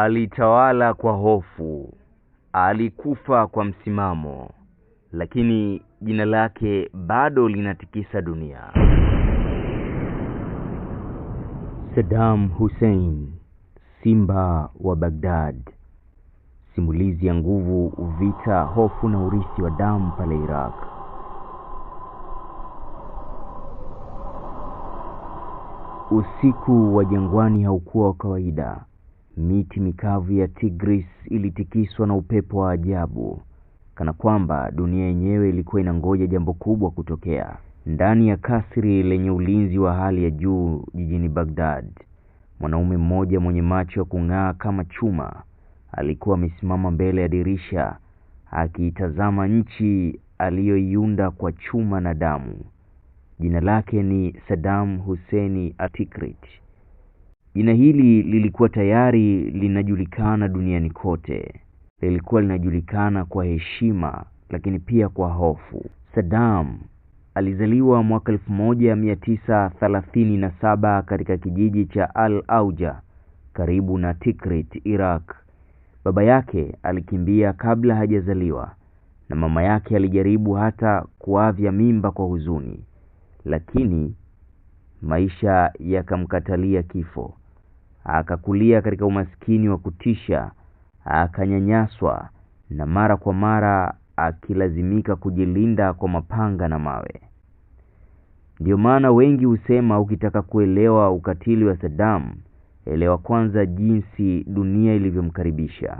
Alitawala kwa hofu, alikufa kwa msimamo, lakini jina lake bado linatikisa dunia. Saddam Hussein, Simba wa Baghdad. Simulizi ya nguvu, vita, hofu na urithi wa damu pale Iraq. Usiku wa jangwani haukuwa wa kawaida. Miti mikavu ya Tigris ilitikiswa na upepo wa ajabu, kana kwamba dunia yenyewe ilikuwa inangoja jambo kubwa kutokea. Ndani ya kasri lenye ulinzi wa hali ya juu jijini Baghdad, mwanaume mmoja mwenye macho ya kung'aa kama chuma alikuwa amesimama mbele ya dirisha akiitazama nchi aliyoiunda kwa chuma na damu. Jina lake ni Saddam Hussein Atikrit. Jina hili lilikuwa tayari linajulikana duniani kote. Lilikuwa linajulikana kwa heshima, lakini pia kwa hofu. Saddam alizaliwa mwaka 1937 katika kijiji cha Al Auja karibu na Tikrit, Iraq. Baba yake alikimbia kabla hajazaliwa na mama yake alijaribu hata kuavya mimba kwa huzuni, lakini maisha yakamkatalia kifo akakulia katika umaskini wa kutisha, akanyanyaswa na mara kwa mara akilazimika kujilinda kwa mapanga na mawe. Ndiyo maana wengi husema ukitaka kuelewa ukatili wa Saddam, elewa kwanza jinsi dunia ilivyomkaribisha.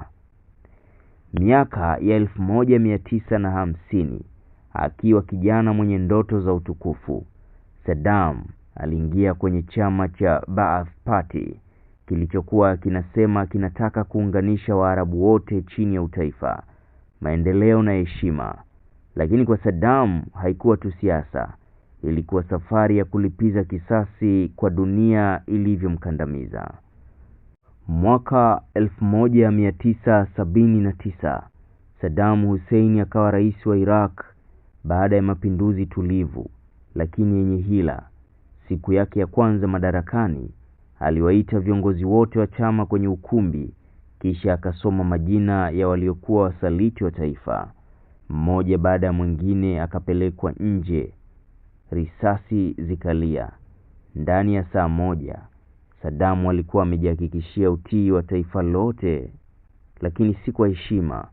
Miaka ya elfu moja mia tisa na hamsini, akiwa kijana mwenye ndoto za utukufu, Saddam aliingia kwenye chama cha Baath Party kilichokuwa kinasema kinataka kuunganisha Waarabu wote chini ya utaifa, maendeleo na heshima. Lakini kwa Saddam haikuwa tu siasa, ilikuwa safari ya kulipiza kisasi kwa dunia ilivyomkandamiza. Mwaka 1979 Saddam Hussein akawa rais wa Iraq baada ya mapinduzi tulivu lakini yenye hila. Siku yake ya kwanza madarakani Aliwaita viongozi wote wa chama kwenye ukumbi, kisha akasoma majina ya waliokuwa wasaliti wa taifa. Mmoja baada ya mwingine akapelekwa nje. Risasi zikalia. Ndani ya saa moja, Sadamu alikuwa amejihakikishia utii wa taifa lote, lakini si kwa heshima,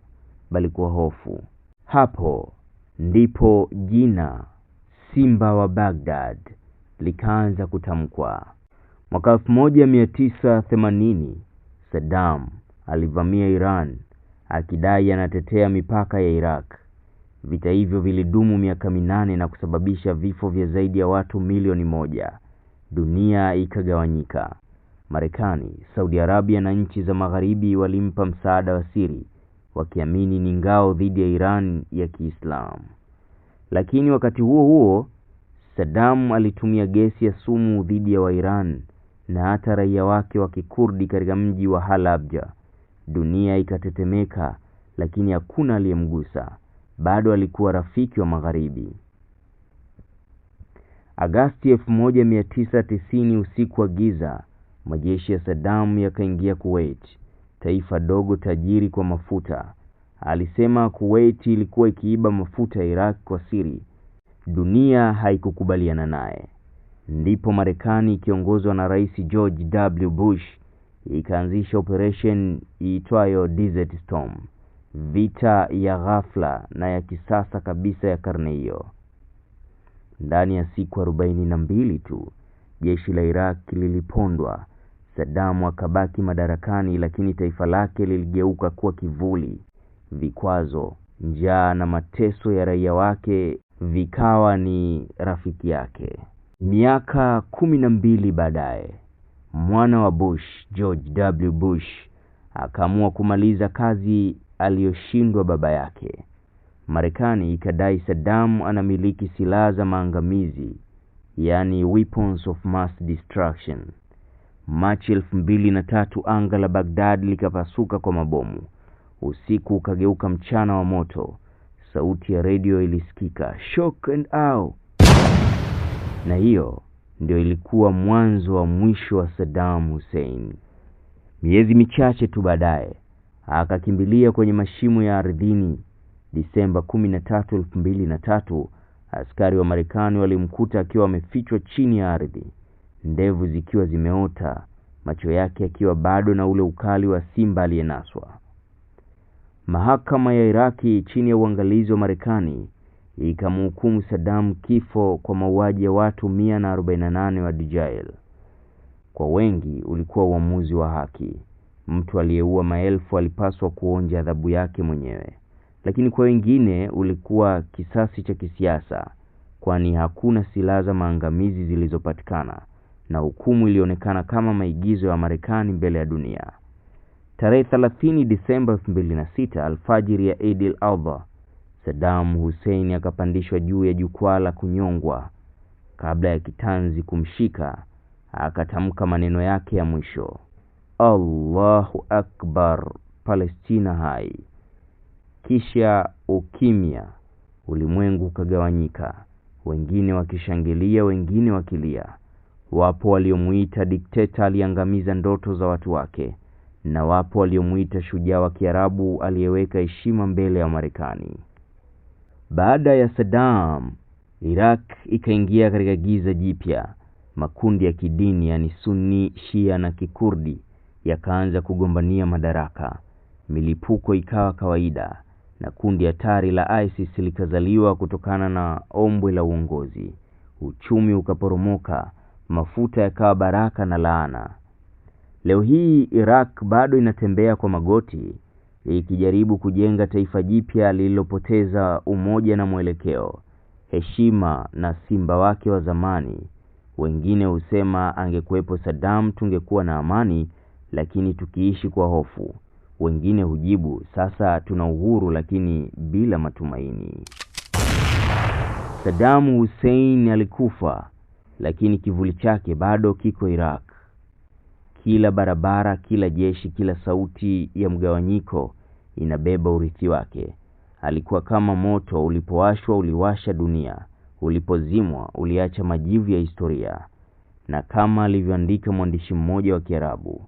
bali kwa hofu. Hapo ndipo jina Simba wa Baghdad likaanza kutamkwa. Mwaka 1980 Saddam alivamia Iran akidai anatetea mipaka ya Iraq. Vita hivyo vilidumu miaka minane na kusababisha vifo vya zaidi ya watu milioni moja. Dunia ikagawanyika. Marekani, Saudi Arabia na nchi za Magharibi walimpa msaada wa siri, wakiamini ni ngao dhidi ya Iran ya Kiislamu. Lakini wakati huo huo, Saddam alitumia gesi ya sumu dhidi ya Wairan na hata raia wake wa Kikurdi katika mji wa Halabja. Dunia ikatetemeka, lakini hakuna aliyemgusa. Bado alikuwa rafiki wa Magharibi. Agasti 1990, usiku wa giza, majeshi ya Saddam yakaingia Kuwait, taifa dogo tajiri kwa mafuta. Alisema Kuwait ilikuwa ikiiba mafuta ya Iraq kwa siri. Dunia haikukubaliana naye ndipo Marekani ikiongozwa na Rais George W. Bush ikaanzisha operation iitwayo Desert Storm, vita ya ghafla na ya kisasa kabisa ya karne hiyo. Ndani ya siku arobaini na mbili tu jeshi la Iraq lilipondwa. Sadamu akabaki madarakani, lakini taifa lake liligeuka kuwa kivuli. Vikwazo, njaa na mateso ya raia wake vikawa ni rafiki yake. Miaka kumi na mbili baadaye, mwana wa Bush, George W. Bush, akaamua kumaliza kazi aliyoshindwa baba yake. Marekani ikadai Saddam anamiliki silaha za maangamizi, yani weapons of mass destruction. Machi elfu mbili na tatu anga la Baghdad likapasuka kwa mabomu. Usiku ukageuka mchana wa moto. Sauti ya redio ilisikika, shock and awe, na hiyo ndio ilikuwa mwanzo wa mwisho wa Saddam Hussein. Miezi michache tu baadaye akakimbilia kwenye mashimo ya ardhini. Disemba 13, 2003, askari wa Marekani walimkuta akiwa amefichwa chini ya ardhi, ndevu zikiwa zimeota, macho yake akiwa bado na ule ukali wa simba aliyenaswa. Mahakama ya Iraki chini ya uangalizi wa Marekani ikamhukumu Saddam kifo kwa mauaji ya watu 148 wa Dijail. Kwa wengi ulikuwa uamuzi wa haki. Mtu aliyeua maelfu alipaswa kuonja adhabu yake mwenyewe, lakini kwa wengine ulikuwa kisasi cha kisiasa, kwani hakuna silaha za maangamizi zilizopatikana na hukumu ilionekana kama maigizo ya Marekani mbele ya dunia. Tarehe 30 Disemba 2006 alfajiri ya Eid al-Adha Saddam Hussein akapandishwa juu ya jukwaa la kunyongwa. Kabla ya kitanzi kumshika, akatamka maneno yake ya mwisho, Allahu Akbar, Palestina hai. Kisha ukimya. Ulimwengu ukagawanyika, wengine wakishangilia, wengine wakilia. Wapo waliomuita dikteta aliangamiza ndoto za watu wake, na wapo waliomuita shujaa wa Kiarabu aliyeweka heshima mbele ya Marekani. Baada ya Saddam, Iraq ikaingia katika giza jipya. Makundi ya kidini yani Sunni, Shia na Kikurdi yakaanza kugombania madaraka. Milipuko ikawa kawaida na kundi hatari la ISIS likazaliwa kutokana na ombwe la uongozi. Uchumi ukaporomoka, mafuta yakawa baraka na laana. Leo hii Iraq bado inatembea kwa magoti ikijaribu kujenga taifa jipya lililopoteza umoja na mwelekeo, heshima na simba wake wa zamani. Wengine husema angekuwepo Saddam tungekuwa na amani, lakini tukiishi kwa hofu. Wengine hujibu sasa tuna uhuru lakini bila matumaini. Saddam Hussein alikufa, lakini kivuli chake bado kiko Iraq. Kila barabara, kila jeshi, kila sauti ya mgawanyiko inabeba urithi wake. Alikuwa kama moto ulipowashwa uliwasha dunia, ulipozimwa uliacha majivu ya historia. Na kama alivyoandika mwandishi mmoja wa Kiarabu,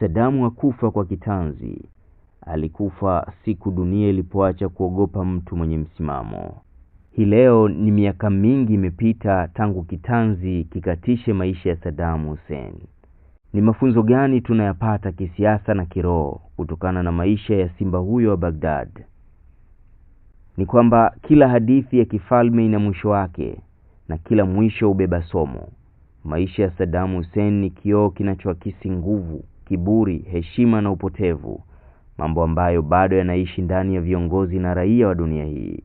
Sadamu hakufa kwa kitanzi, alikufa siku dunia ilipoacha kuogopa mtu mwenye msimamo. Hii leo ni miaka mingi imepita tangu kitanzi kikatishe maisha ya sadamu Hussein. Ni mafunzo gani tunayapata kisiasa na kiroho kutokana na maisha ya simba huyo wa Baghdad? Ni kwamba kila hadithi ya kifalme ina mwisho wake na kila mwisho hubeba somo. Maisha ya Saddam Hussein ni kioo kinachoakisi nguvu, kiburi, heshima na upotevu, mambo ambayo bado yanaishi ndani ya viongozi na raia wa dunia hii.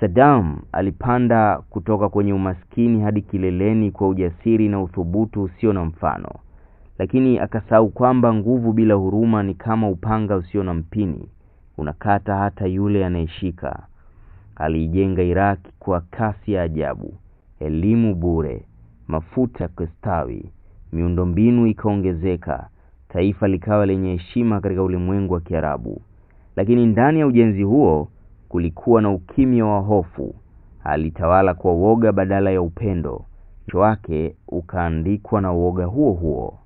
Saddam alipanda kutoka kwenye umaskini hadi kileleni kwa ujasiri na uthubutu usio na mfano, lakini akasahau kwamba nguvu bila huruma ni kama upanga usio na mpini, unakata hata yule anayeshika. Aliijenga Iraq kwa kasi ya ajabu, elimu bure, mafuta kustawi, miundombinu ikaongezeka, taifa likawa lenye heshima katika ulimwengu wa Kiarabu. Lakini ndani ya ujenzi huo Kulikuwa na ukimya wa hofu, alitawala kwa uoga badala ya upendo. Mwisho wake ukaandikwa na uoga huo huo.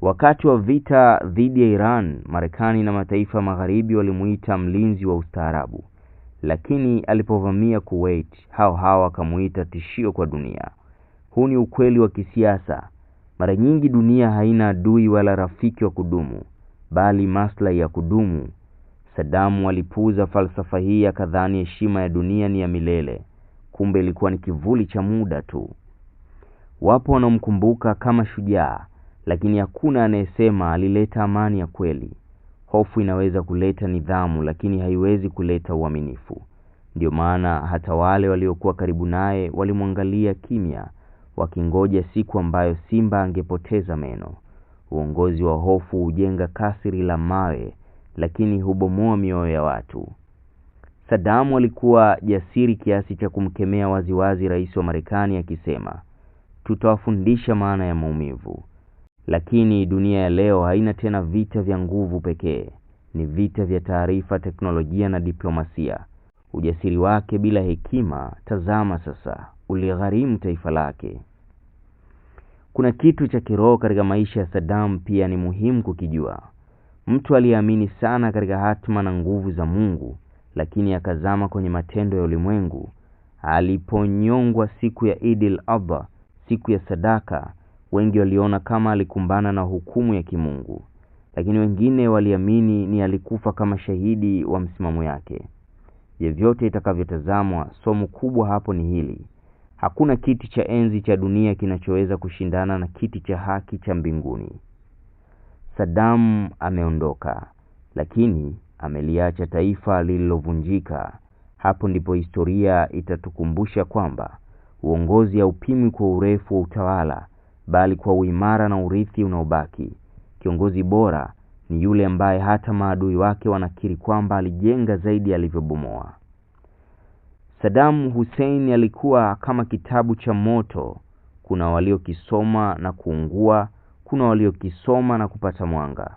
Wakati wa vita dhidi ya Iran, Marekani na mataifa magharibi walimuita mlinzi wa ustaarabu, lakini alipovamia Kuwait, hao hao akamuita tishio kwa dunia. Huu ni ukweli wa kisiasa. Mara nyingi dunia haina adui wala rafiki wa kudumu, bali maslahi ya kudumu Sadamu alipuuza falsafa hii, akadhani heshima ya dunia ni ya milele. Kumbe ilikuwa ni kivuli cha muda tu. Wapo wanaomkumbuka kama shujaa, lakini hakuna anayesema alileta amani ya kweli. Hofu inaweza kuleta nidhamu, lakini haiwezi kuleta uaminifu. Ndiyo maana hata wale waliokuwa karibu naye walimwangalia kimya, wakingoja siku ambayo simba angepoteza meno. Uongozi wa hofu hujenga kasri la mawe lakini hubomoa mioyo ya watu. Sadamu alikuwa jasiri kiasi cha kumkemea waziwazi rais wa Marekani akisema, tutawafundisha maana ya maumivu. Lakini dunia ya leo haina tena vita vya nguvu pekee, ni vita vya taarifa, teknolojia na diplomasia. Ujasiri wake bila hekima, tazama sasa, uligharimu taifa lake. Kuna kitu cha kiroho katika maisha ya sadamu pia ni muhimu kukijua. Mtu aliyeamini sana katika hatima na nguvu za Mungu, lakini akazama kwenye matendo ya ulimwengu. Aliponyongwa siku ya Idil Adha, siku ya sadaka, wengi waliona kama alikumbana na hukumu ya kimungu, lakini wengine waliamini ni alikufa kama shahidi wa msimamo yake. Vyovyote itakavyotazamwa, somo kubwa hapo ni hili: hakuna kiti cha enzi cha dunia kinachoweza kushindana na kiti cha haki cha mbinguni. Saddam ameondoka, lakini ameliacha taifa lililovunjika. Hapo ndipo historia itatukumbusha kwamba uongozi haupimwi kwa urefu wa utawala, bali kwa uimara na urithi unaobaki. Kiongozi bora ni yule ambaye hata maadui wake wanakiri kwamba alijenga zaidi alivyobomoa. Saddam Hussein alikuwa kama kitabu cha moto, kuna waliokisoma na kuungua kuna waliokisoma na kupata mwanga.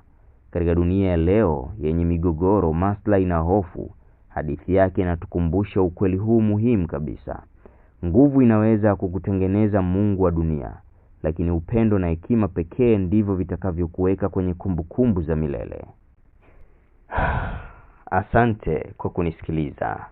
Katika dunia ya leo yenye migogoro, maslahi na hofu, hadithi yake inatukumbusha ukweli huu muhimu kabisa. Nguvu inaweza kukutengeneza mungu wa dunia, lakini upendo na hekima pekee ndivyo vitakavyokuweka kwenye kumbukumbu za milele. Asante kwa kunisikiliza.